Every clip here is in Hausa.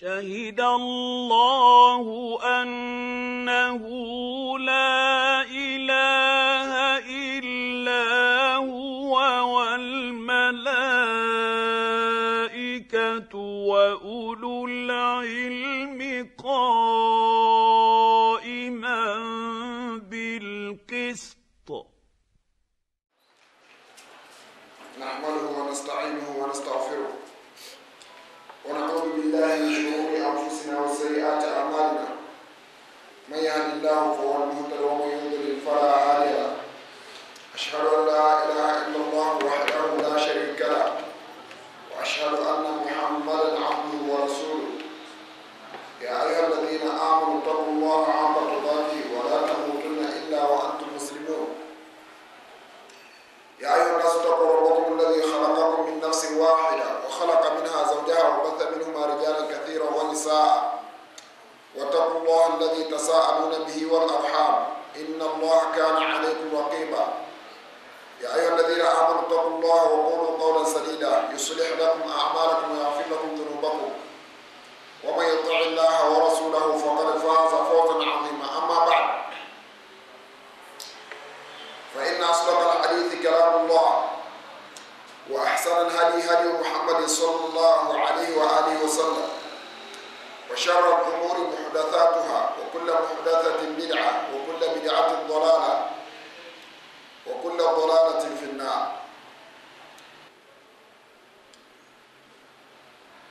شهد الله انه لا اله الا هو والملائكه واولو الله فهو المهتد ومن يضلل فلا هادي له أشهد أن لا إله الله الذي تساءلون به والأرحام إن الله كان عليكم رقيبا يا أيها الذين آمنوا اتقوا الله وقولوا قولا سديدا يصلح لكم أعمالكم ويغفر لكم ذنوبكم ومن يطع الله ورسوله فقد فاز فوزا عظيما أما بعد فإن أصدق الحديث كلام الله وأحسن الهدي هدي محمد صلى الله عليه وآله وسلم وشر الأمور محدثاتها وكل محدثة بدعة وكل بدعة ضلالة وكل ضلالة في النار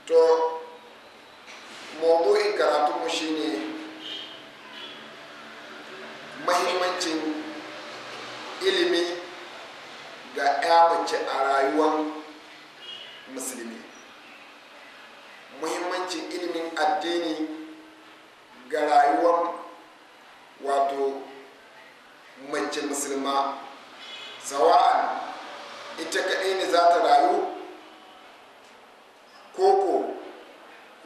to mawdu'in karatunmu shine mahimmancin ilimi ga 'ya mace a rayuwar musulmi muhimmancin ilimin addini ga rayuwar wato mace musulma sawa'an ita kaɗai ne za ta rayu koko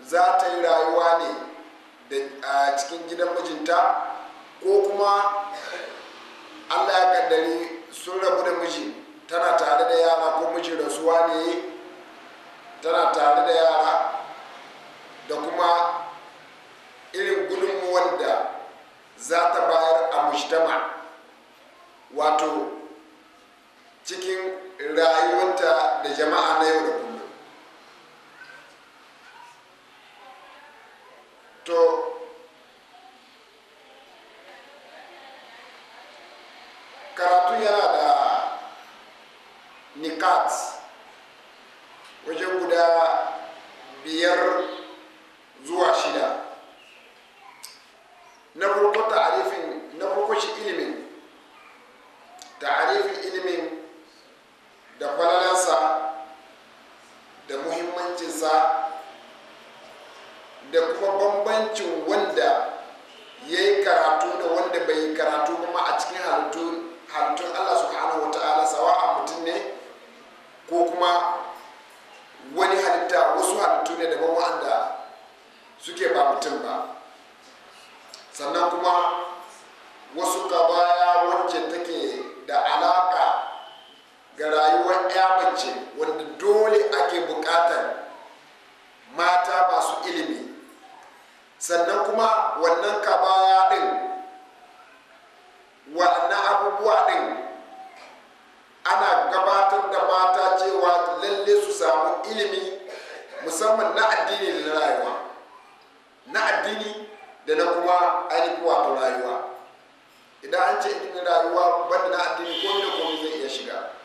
za ta yi rayuwa ne a cikin gidan mijinta ko kuma allah ya kaddari sun rabu da miji tana tare da yara ko miji rasuwa ne tana tare da yara da kuma irin gudunmuwan da za ta bayar a mujtama wato cikin rayuwanta da jama'a na yau da kullum to muhimmancinsa da kuma bambancin wanda ya yi karatu da wanda bai yi karatu kuma a cikin halittun allah subhanahu wa sawa a mutum ne ko kuma wani halitta wasu halittu ne daban wa'anda suke ba mutum ba sannan kuma wasu kabaya wacce take da alaƙa. ga rayuwar ya mace wanda dole ake bukatar mata masu ilimi sannan kuma wannan kabaya din wannan abubuwa din ana gabatar da mata cewa lalle su samu ilimi musamman na addini da na rayuwa na addini da na kuma ainihin wato rayuwa idan an ce ilimin rayuwa banda na addini ko da komai zai iya shiga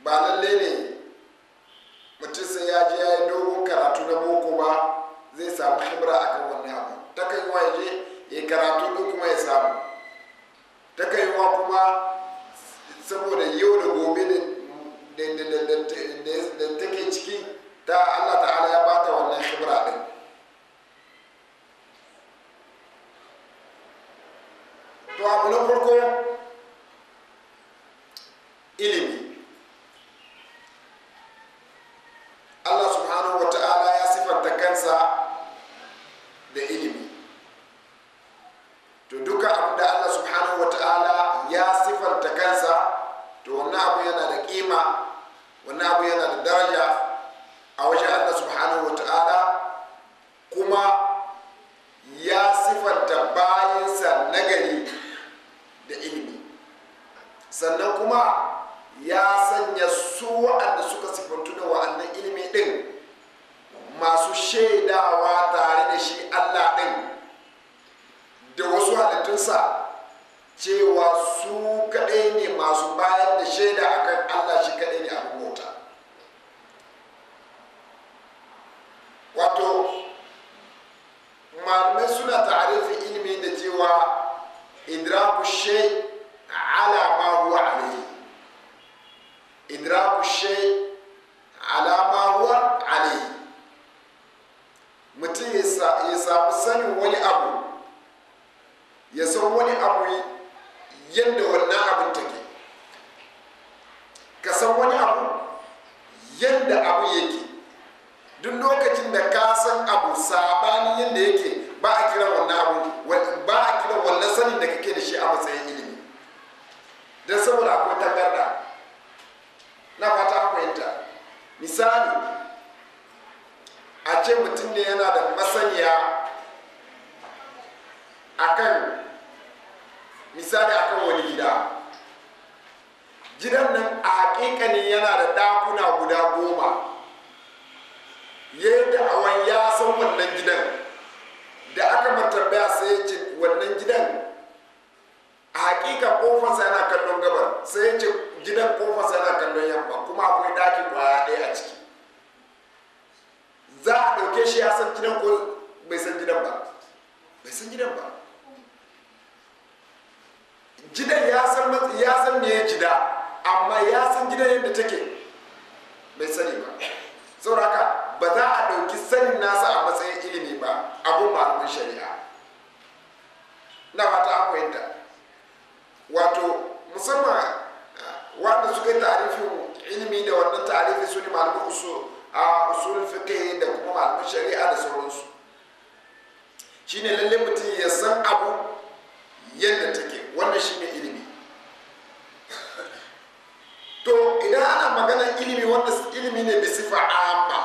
ba lalle ne mutum sai ya je ya yi dogon karatu na boko ba zai samu hibira a kan wani abu ta kai wa ya je ya karatu ɗin kuma ya samu ta kai wa kuma saboda yau da gobe da take ciki ta allah ta'ala ya bata wannan hibira ɗin to abu na farko cewa su kaɗai ne masu bayar da shaida akan Allah shi kaɗai ne a rubuta. wato malamai suna ta'arifin ilimi da cewa idraku shai ala ma huwa Indira idraku shai ala ma huwa mutum ya samu sanin wani abu ya san wani abu yadda wannan abin take ka san wani abu yadda abu yake duk lokacin da ka san abu sabanin yadda yake ba a kiran wannan abu ba a kiran wannan sanin da kake da shi a matsayin ilimi don saboda akwai takarda na fata fahimta misali a ce mutum ne yana da masaniya kan. misali kan wani gida gidan nan a hakikanin yana da ɗakuna guda goma ya yi da'awan ya san wannan gidan da aka baya sai ya ce wannan gidan a hakika kofarsa yana kallon gabar sai ya ce gidan kofarsa yana kallon yamma kuma akwai ɗaki kwaya ɗaya a ciki za a ɗauke shi ya san gidan ko bai san gidan ba bai san gidan ba gidan ya san matsi ya san me ya gida amma ya san gidan yadda take bai sani ba sauraka ba za a ɗauki sanin nasa a matsayin ilimi ba abun malamin shari'a na fata an fahimta wato musamman eh, wanda suka yi tarifin ilimi da wannan tarifi su ne malamin usul a usulun fiqh da kuma malamin shari'a da sauransu shine lalle mutum ya san abu yadda take wannan shine ilimi to idan ana maganar ilimi wanda ilimi ne bisifa amma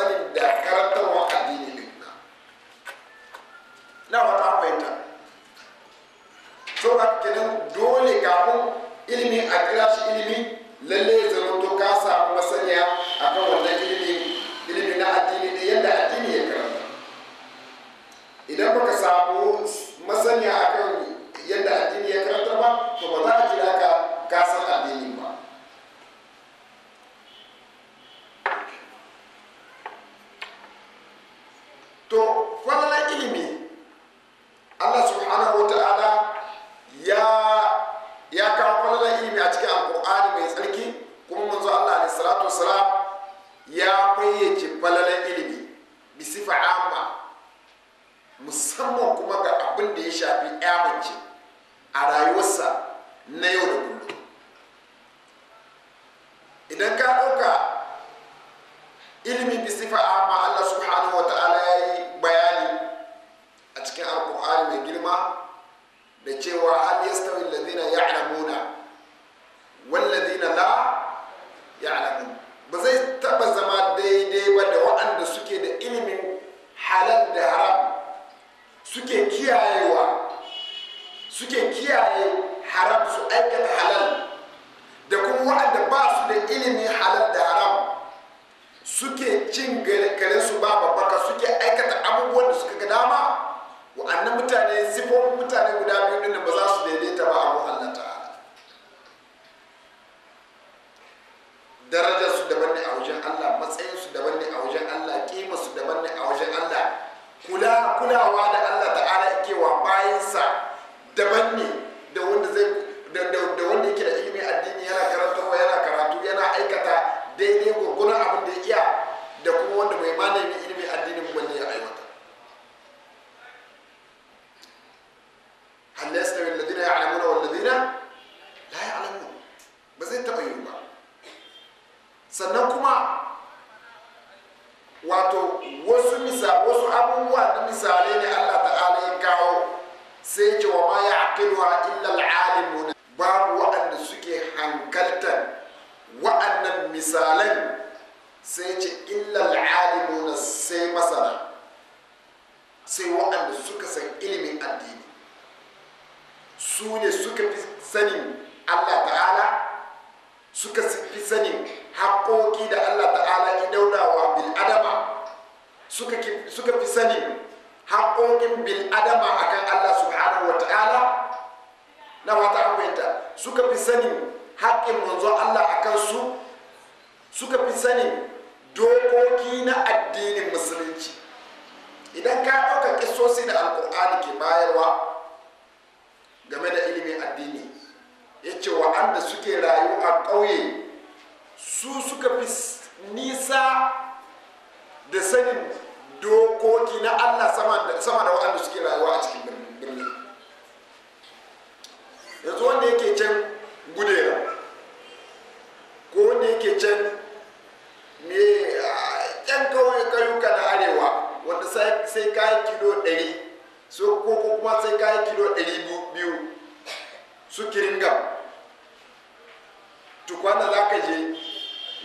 sanin da karantarwa addini ne na wata fahimta to kenan dole kafin ilimi a kira shi ilimi lalle ya Allah mai girma da cewa hal yastawi alladhina ya'lamuna wal ladina la ya'lamun ba zai taba zama daidai ba da waɗanda suke da ilimin halal da haram suke kiyayewa suke kiyaye haram su aikata halal da kuma waɗanda ba su da ilimin halal da haram suke cin kare su ba babbaka suke aikata abubuwan da suka ga dama wa'annan mutane sifofin mutane guda biyu din ba za su daidaita ba abu Allah ta darajar su daban ne a wajen Allah matsayin su daban ne a wajen Allah kima su daban ne a wajen Allah kula kulawa da Allah ta'ala yake wa bayansa daban ne da wanda zai da wanda yake da ilimin addini yana karantarwa yana karatu yana aikata daidai gurgurun abin da ya iya da kuma wanda bai ma da ilimin addinin wanda ya aiwata الناس من الذين يعلمون suka fi nisa da sanin dokoki na allah sama da waɗanda suke rayuwa a cikin birni yanzu wanda yake can gudera ko wanda yake can me yan kawai kayuka na arewa wanda sai kayan kilo 100 so ko kuma sai kayan kilo 200 su kiringa tukwanda za ka je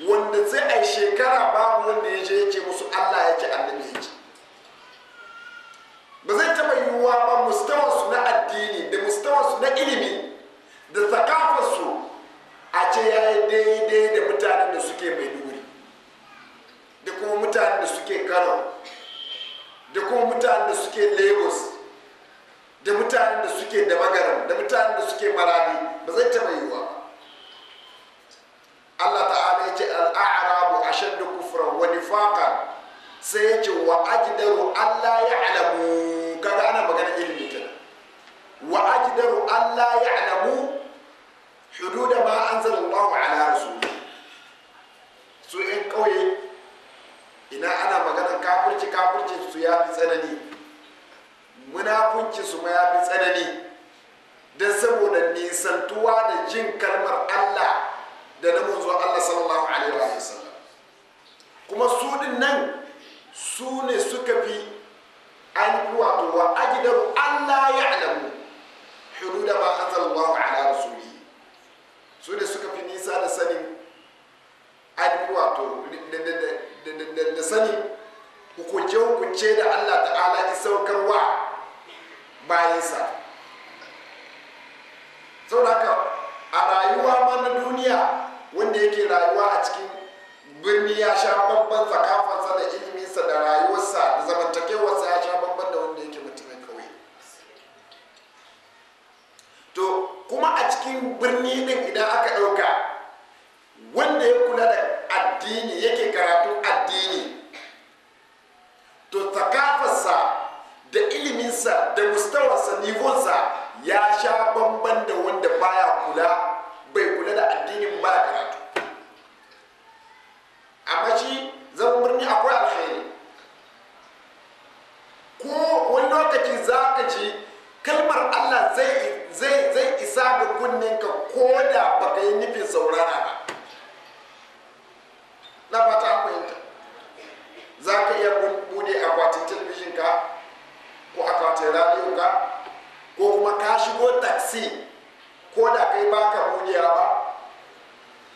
wanda sai a shekara babu wanda ya je ya ce musu allah ya ce annabi ya ce ba zai taɓa yiwuwa ba mustawarsu na addini da mustawarsu na ilimi da tsakafarsu a ce ya yi daidai da mutanen da suke maiduguri da kuma mutanen da suke kano da kuma mutanen da suke lagos da mutanen da suke da magaran da mutanen da suke marami ba zai taɓa yiwuwa Allah ta'ala ya ce al'arabu ashaddu kufran wa nifaqan sai ya ce wa ajdaru Allah ya alamu kaga ana magana ilimi ta wa ajdaru Allah ya alamu hududa ma anzala Allah ala rasuli su in kauye ina ana magana kafirci kafirci su ya fi tsanani munafunci su ma ya fi tsanani don saboda nisantuwa da jin kalmar Allah da na manzo Allah sallallahu alaihi wa sallam kuma su din nan su ne suka fi an to wa ajdaru Allah ya'lamu hudud ma anzala Allah ala rasulihi su ne suka fi nisa da sanin an to da sanin hukunce-hukunce da Allah ta'ala ya saukarwa bayansa saboda haka a rayuwa ma na duniya wanda yake rayuwa a cikin birni ya sha babban tsakafansa da iliminsa da rayuwarsa da zamantakewarsa ya sha babban da wanda yake mutumin kauye to kuma a cikin birni din idan aka ɗauka wanda ya kula da addini yake karatu addini to tsakafarsa da iliminsa da mustawarsa nivonsa ya sha bamban da wanda baya kula da addinin mara karatu amma shi zaman birni akwai alkhairi ko wani lokaci za ka ji kalmar allah zai isa ga ka ko da baka yi nufin saurara ba na fata fahimta za ka iya bude akwatin talabijin ka ko akwatin radiyo ka ko kuma ka shigo taxi ko da kai baka ka ba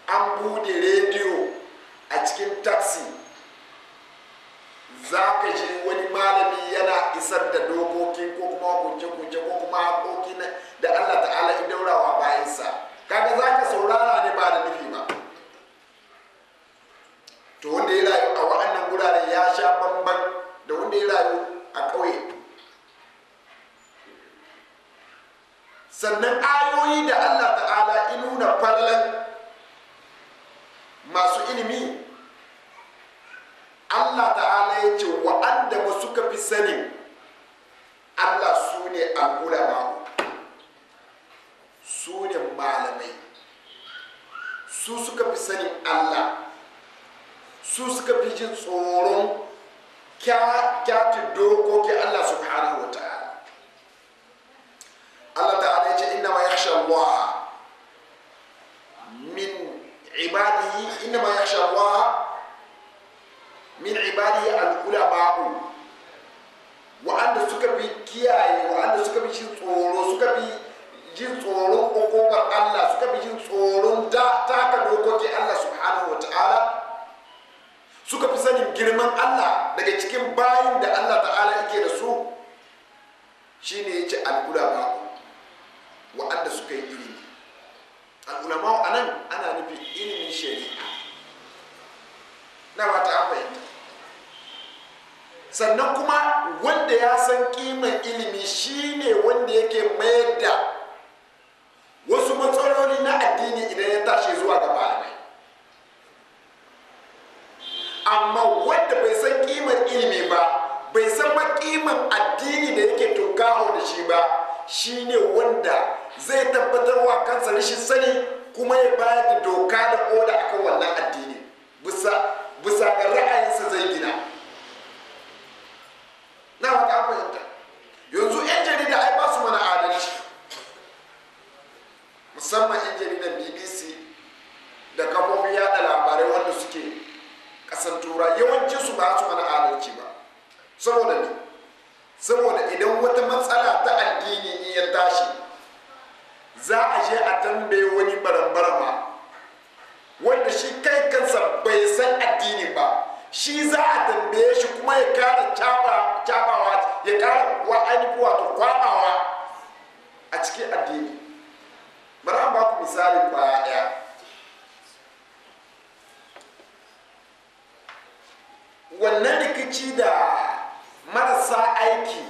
an bude rediyo a cikin taxi za ka ji wani malami yana isar da dokoki ko kuma hukunce-hukunce ko kuma hakoki da allah ta'ala in bayansa kaga za jin tsoron kya suka fi sanin girman Allah daga cikin bayin da Allah ta'ala yake da su shine ya ce al'ulama wa'anda suka yi ilimi al'ulama a anan ana nufi ilimin shari'a na wata fahimta sannan kuma wanda ya san kiman ilimi shine wanda yake mayar da wasu matsaloli na addini idan ya tashi zuwa gaba mutumin addini da yake tunkaho da shi ba shine wanda zai tabbatarwa kansa rashin sani kuma ya bayar da doka da oda akan wannan addini bisa bisa ga ra'ayinsa zai gina na wata fahimta yanzu 'yan jarida ai ba su mana adalci musamman 'yan jaridar bbc da kafofin yada labarai wanda suke kasantura turai yawancinsu ba su mana adalci ba saboda ne saboda idan wata matsala ta addini in ya tashi za a je a tambaye wani barambarama wanda shi kai kansa bai san addini ba shi za a tambaye shi kuma ya kara cabawa ya kara wa ainihi wato kwamawa a cikin addini bari an ba ku misali ba ɗaya wannan rikici da marasa aiki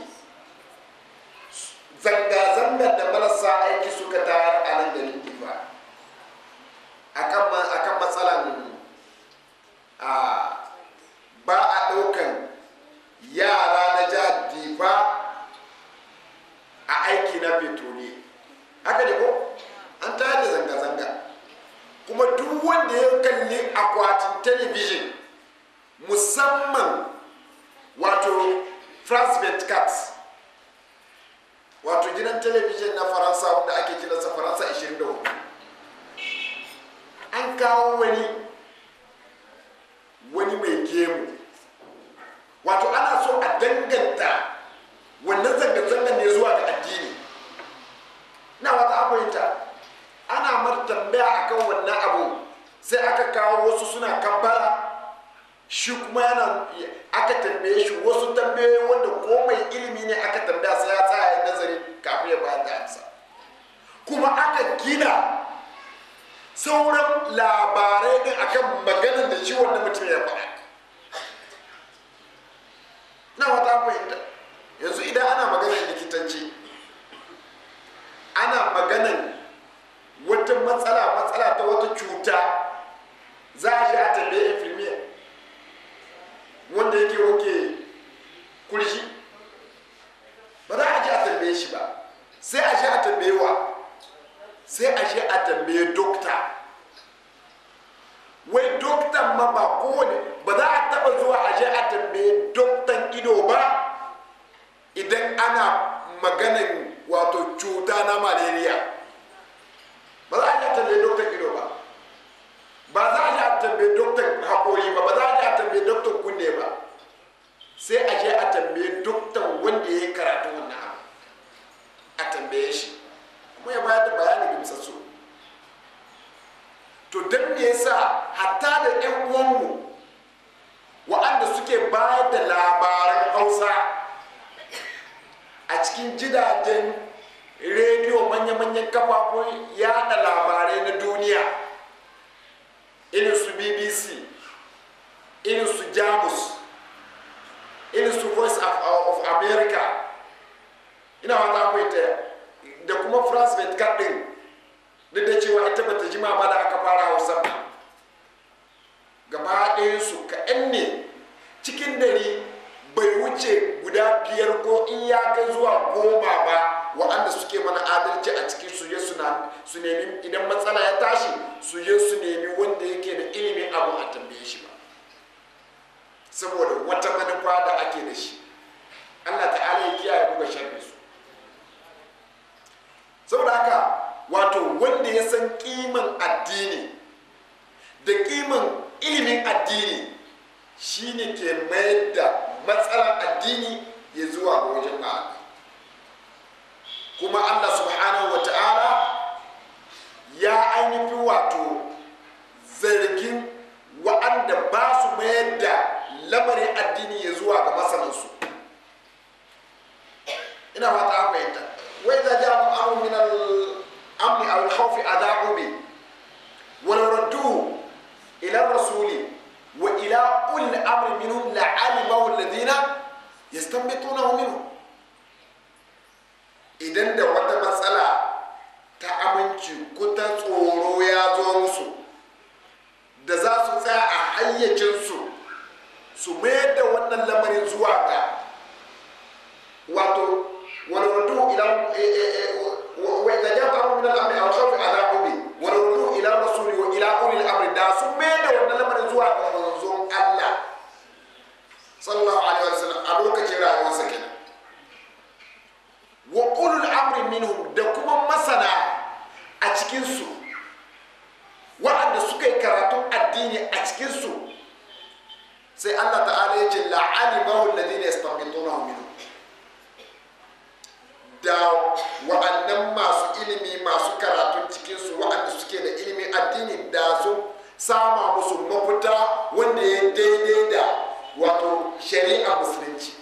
zanga-zangar da marasa aiki suka tayar a nan garin difa akan matsalan ba a ɗaukan yara na jihar difa a aiki na fetoni haka ne ko an tayar da zanga-zanga kuma duk wanda ya kalli akwatin telebijin musamman wato France 24 wato gidan telebijin na faransa wanda ake sa faransa 24 an kawo wani wani mai gemu wato ana so a danganta wannan zanga zangan ne zuwa ga addini na wata abuwa ana martambaya akan wannan abu sai aka kawo wasu suna kabbara shi kuma yana aka tambaye shi wasu tambayoyi wanda ko mai ilimi ne aka tambaya sai ya tsaya ya nazari kafin ya bayar da amsa kuma aka gina sauran labarai din akan maganar da shi wannan mutum ya faɗa na wata fahimta yanzu idan ana maganar likitanci ana maganar wata matsala matsala ta wata cuta za a shi a tambaye infirmiyar wanda yake wanke kurji ba za a ji a tambaye shi ba sai a ji a tambaye wa sai a ji a tambaye dokta wai dokta ma ba kowane ba za a ni bai wuce guda biyar ko in ya kai zuwa goma ba waɗanda suke mana adalci a cikin su su nemi idan matsala ya tashi su su nemi wanda yake da ilimin abu a tambaye shi ba saboda wata manufa da ake da shi allah ta'ala ya kiyaye buga sharri su saboda haka wato wanda ya san kiman addini da kiman ilimin addini shine ke mayar da matsalar addini ya zuwa wajen ma'ana kuma allah subhanahu wa ta'ala ya ainihi wato zargin wa'anda ba su mayar da lamarin addini ya zuwa ga masaninsu ina fata an fahimta wai za ja mun min amni aw al-khawf ada'u bi rasuli wa ila ulil amri minhum la'alimahu alladhina yastanbitunahu minhum idan da wata matsala ta aminci ko tsoro ya zo musu da za su tsaya a hayyacinsu su mayar da wannan lamarin zuwa ga wato walwadu ila eh, eh, eh, wa idza ja'a min al-amri aw zuwa ga manzon Allah sallallahu alaihi wasallam a lokacin rayuwar sa kenan wa ulul amri minhum da kuma masana a cikin su waɗanda suka yi karatu addini a cikin su sai Allah ta'ala ya ce la'alimahu alladhina yastanbituna minhum da wa'annan masu ilimi masu karatu cikin su waɗanda suke da ilimi addini da sun sama musu mafita wanda ya daidai da wato shari'a musulunci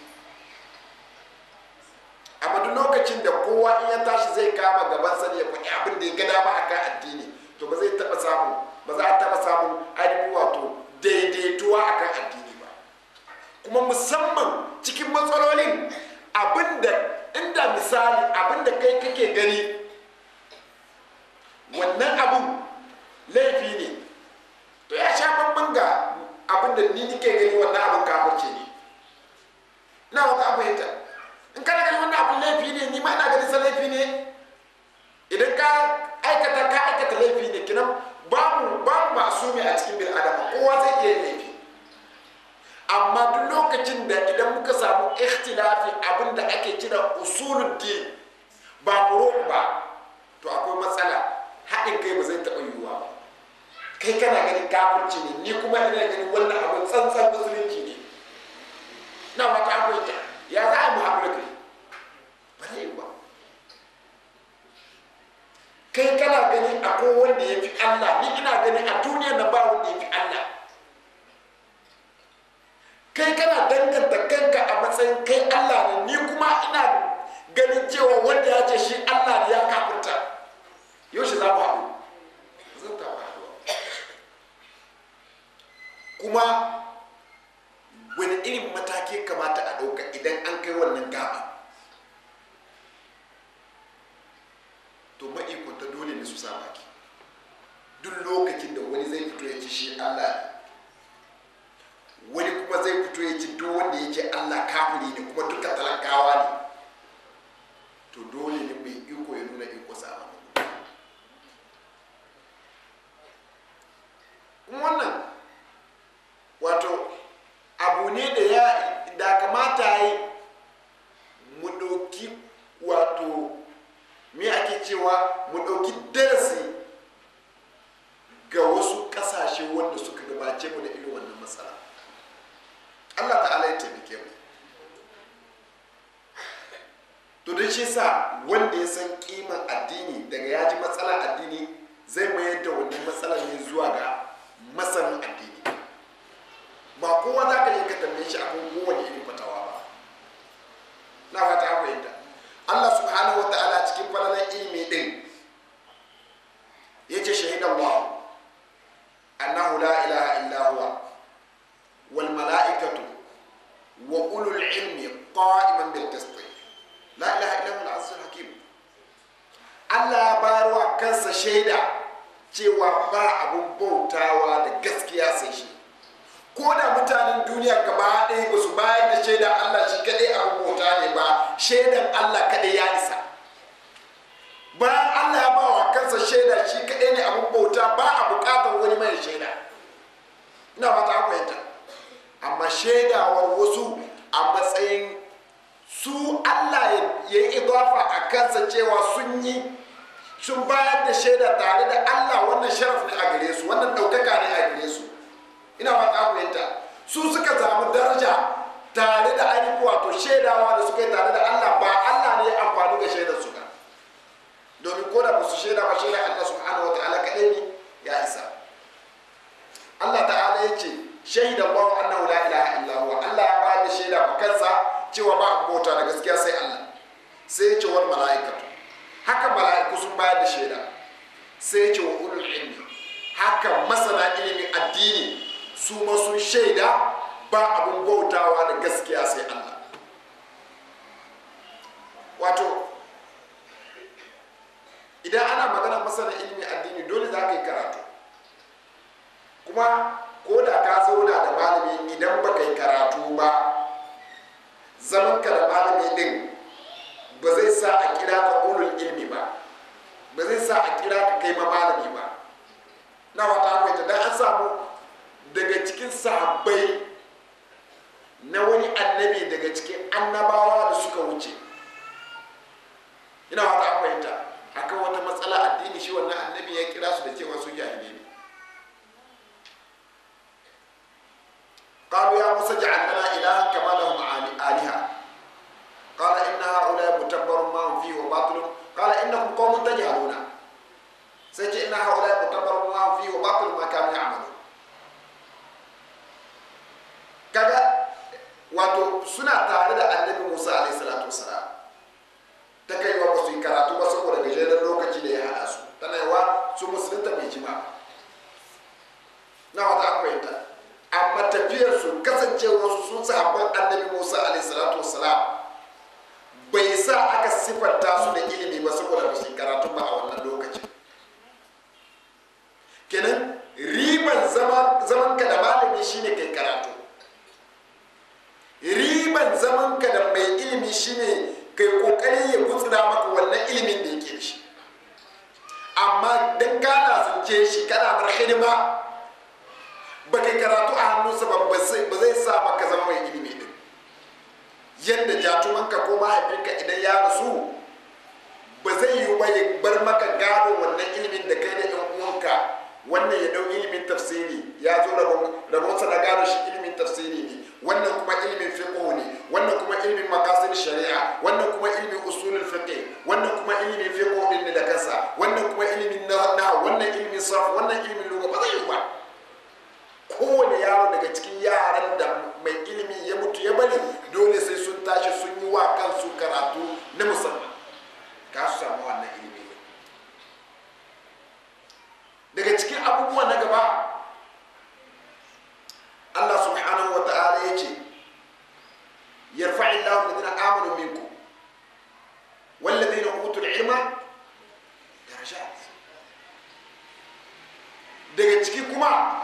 amma duk lokacin da kowa in ya tashi zai kama gaban sani ya faɗi abin da ya ga dama akan addini kai kana danganta kanka a matsayin kai allah ne ni kuma ina ganin cewa wanda ya ce shi allah ne ya yau yaushe za mu haɗu zan ta haɗu kuma wani irin mataki kamata a ɗauka idan an kai wannan gaba to ma'ikwanta dole ne su sa baki duk lokacin da wani zai fito ya ci shi allah wani kuma zai fito ya ci to wanda yake ce allah kafiri ne kuma duka talakawa ne to dole ne mai iko ya nuna iko sa wannan wato abu ne da ya da kamata yi mu ɗauki wato me ake cewa mu ɗauki darasi to don shi sa wanda ya san kiman addini daga ya ji matsalar addini zai mayar da wannan matsala ne zuwa ga masanin addini ba kowa za ka yi ka tambaye shi akan kowane irin sun bayar da shaida tare da Allah wannan sharaf ne a gare su wannan ɗaukaka ne a gare su ina ba ka fahimta su suka zama daraja tare da ainihin wato shaidawa da suka yi tare da Allah ba Allah ne ya amfani ga shaidar su ba domin ko da ba su shaida ba shaida Allah subhanahu wa ta'ala kaɗai ne ya isa Allah ta'ala ya ce shaida Allah annahu la ilaha illa huwa Allah ya bayar da shaida ba kansa cewa ba bauta da gaskiya sai Allah sai ya ce wal mala'ikatu haka mala'iku sun bayar da shaida sai ya ce wa ulul ilmi haka masana ilimin addini su ma sun shaida ba abun bautawa da gaskiya sai Allah wato idan ana magana masana ilimin addini dole za ka yi karatu kuma ko da ka zauna da malami idan baka yi karatu ba zamanka da malami ɗin. ba zai sa a kira ka ulul ilmi ba ba zai sa a kira ka kai malami ba na wata hanyar dan an samu daga cikin sahabbai na wani annabi daga cikin annabawa da suka wuce ina wata fahimta akan wata matsala addini shi wannan annabi ya kira su da cewa su jahilai ne قالوا يا موسى اجعل إلها كما yajhaluna sai ce inna haula yutabaru ma fi wa batil ma kanu ya'malu kaga wato suna tare da annabi Musa alaihi salatu wasalam ta kai wa ba su yi karatu ba saboda gajeren lokaci da ya hada su tana yawa su musulunta bai ji ba na wata akwai ta amma tafiyarsu kasancewarsu sun sa sahabban annabi Musa alaihi salatu wasalam bai sa aka siffanta su da ilimi ba saboda ba su karatu ba a wannan lokacin kenan riban zaman ka da malami shine kai karatu riban zaman ka da mai ilimi shine kai kokari ya gutsura maka wannan ilimin da yake shi amma dan kana zance shi kana bar hidima ba kai karatu a hannunsa ba zai sa maka zama mai ilimi yadda jatumanka ko mahaifinka idan ya rasu ba zai yi ba ya bar maka gado wannan ilimin da kai da yan uwanka wannan ya dau ilimin tafsiri ya zo sa na gado shi ilimin tafsiri ne wannan kuma ilimin fiqh ne wannan kuma ilimin makasin shari'a wannan kuma ilimin usulul fiqh wannan kuma ilimin fiqh din da kansa wannan kuma ilimin na wannan ilimin sarf wannan ilimin lugha ba zai yi ba kowane yaro daga cikin yaran da mai ilimi ya mutu ya bari dole sai sun tashi sun yi wa kansu karatu na musamman ka su samu wannan ilimi daga cikin abubuwa na gaba Allah subhanahu wa ta'ala ya ce yarfa'illahu alladhina amanu minkum والذين اوتوا العلم درجات daga ciki kuma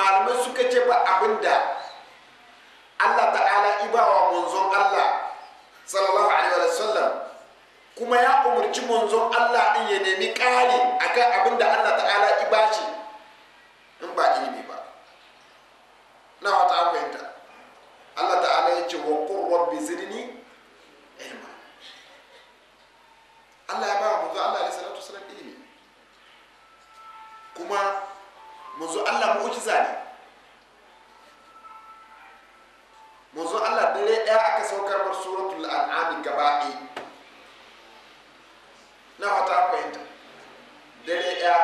malamai suka ce ba abinda Allah ta'ala ibawa manzon Allah sallallahu alaihi wa sallam kuma ya umarci manzon Allah din ya nemi ƙari akan abinda Allah ta'ala ibashi in ba ilimi ba na wata fahimta Allah ta'ala ya ce wa qur rabbi zidni ilma Allah ya ba manzon Allah alaihi salatu wasallam ilimi kuma manzon Allah mu zane manzo Allah dare daya aka saukar bar suratul an'am gaba na wata fahimta dare daya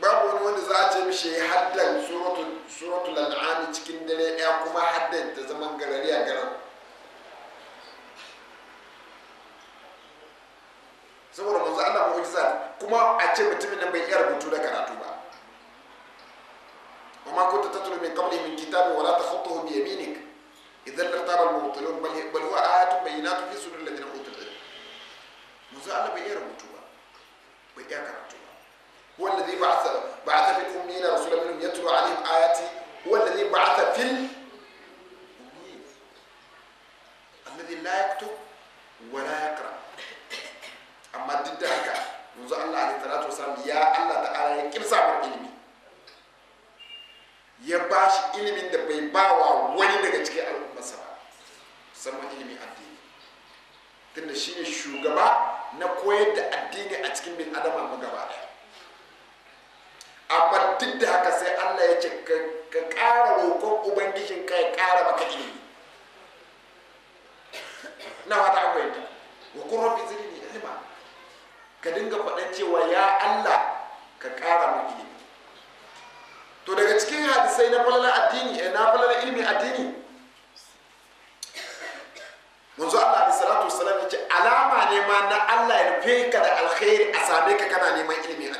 babu wani wanda za a ce mishi ya haddan suratul an'am cikin dare daya kuma haddan ta zaman galari a garan saboda manzo Allah mu'jiza kuma a ce mutumin nan bai iya rubutu da karatu ba وما كنت تتلو من قبله من كتاب ولا تخطه بيمينك إذا لارتاب المبطلون بل, بل هو آيات بينات في سور الذين أوتوا العلم موسى الله بيئة ربطوها بيئة كرتوها هو الذي بعث بعث في الأمين رسولا منهم يتلو عليهم آياتي هو الذي بعث في الأمين الذي لا يكتب ولا يقرأ أما ضد هكا منذ الله عليه الصلاة والسلام يا الله تعالى كيف صعب الإلمي ya ba shi ilimin da bai ba wa wani daga cikin al'ummarsa ba musamman ilimin addini tunda shi ne shugaba na koyar da addini a cikin bin adama gaba ɗaya amma duk da haka sai allah ya ce ka ƙara roƙon ubangijin ka ya ƙara maka ilimi na fata akwai ta wa kun rabbi zini ilima ka dinga faɗan cewa ya allah ka ƙara maka ilimi na falala addini eh na falala ilimin addini manzo Allah alaihi salatu wassalam yace alama ne ma na Allah ya rufe ka da alkhairi a same ka kana neman ilimin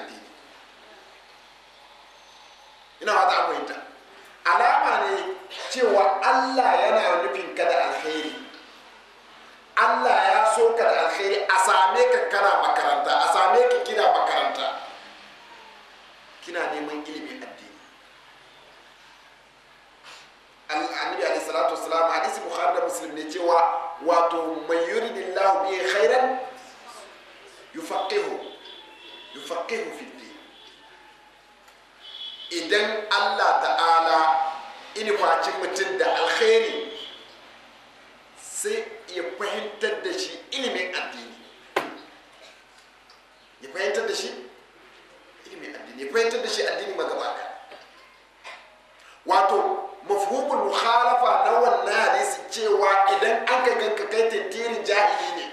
kai tintirin jahili ne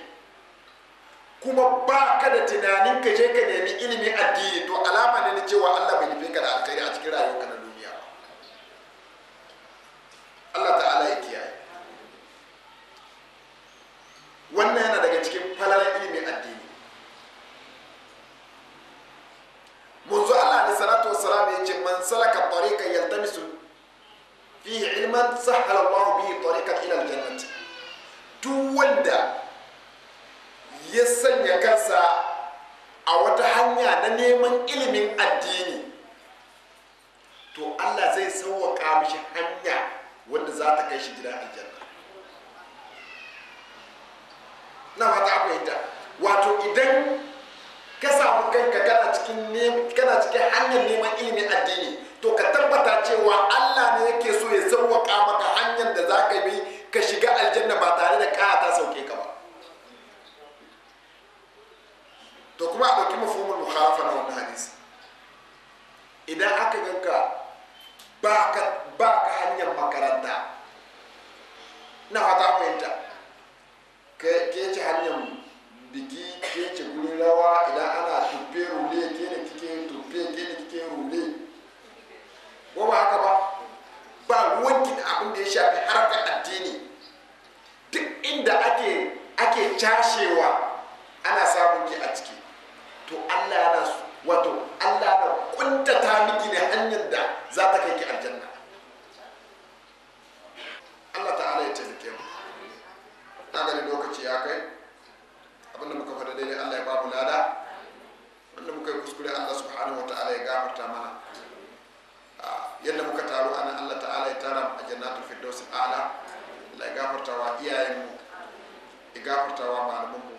kuma ba ka da tunanin ka je ka nemi ilimin addini to alama ne na cewa Allah bai nufi ka da alkhairi a cikin rayuwarka na duniya ba Allah ta'ala ya kiyaye wannan yana daga cikin falalar ilimin addini منذ الله عليه الصلاة ya ce man salaka tariqan yaltamisu فيه ilman sahala الله bihi tariqan ila aljannati duk wanda ya sanya kansa a wata hanya na neman ilimin addini to allah zai sauwaƙa mishi hanya wanda za ta kai shi gidan aljanna na fata fahimta wato idan ka samu kanka kana cikin kana cikin hanyar neman ilimin addini to ka tabbata cewa allah ne yake so ya sauwaƙa maka hanyar da za ka bi ka shiga aljanna ba tare da kaya ta sauke ka ba to kuma a ɗauki mafomin mukhalafa na wannan hadisi idan aka ganka ba ka hanyar makaranta na fata fahimta ke ce hanyar biki ke ce rawa idan ana tuffe rule ke ne kike tuffe ke ne kike rule ko ba haka ba ba ruwan da abin da ya shafi harkar addini duk inda ake ake cashewa ana samun ki a ciki to Allah yana wato Allah yana kuntata miki ne hanyar da za ta kai ki aljanna Allah ta'ala ya taimake mu na gani lokaci ya kai abinda muka faɗa daidai Allah ya babu lada wanda muka yi kuskure Allah subhanahu wa ta'ala ya gafarta mana yadda muka taru ana Allah ta'ala ya tara a a jannatul firdausil ala Allah gafartawa iyayenmu ya gafartawa malamanmu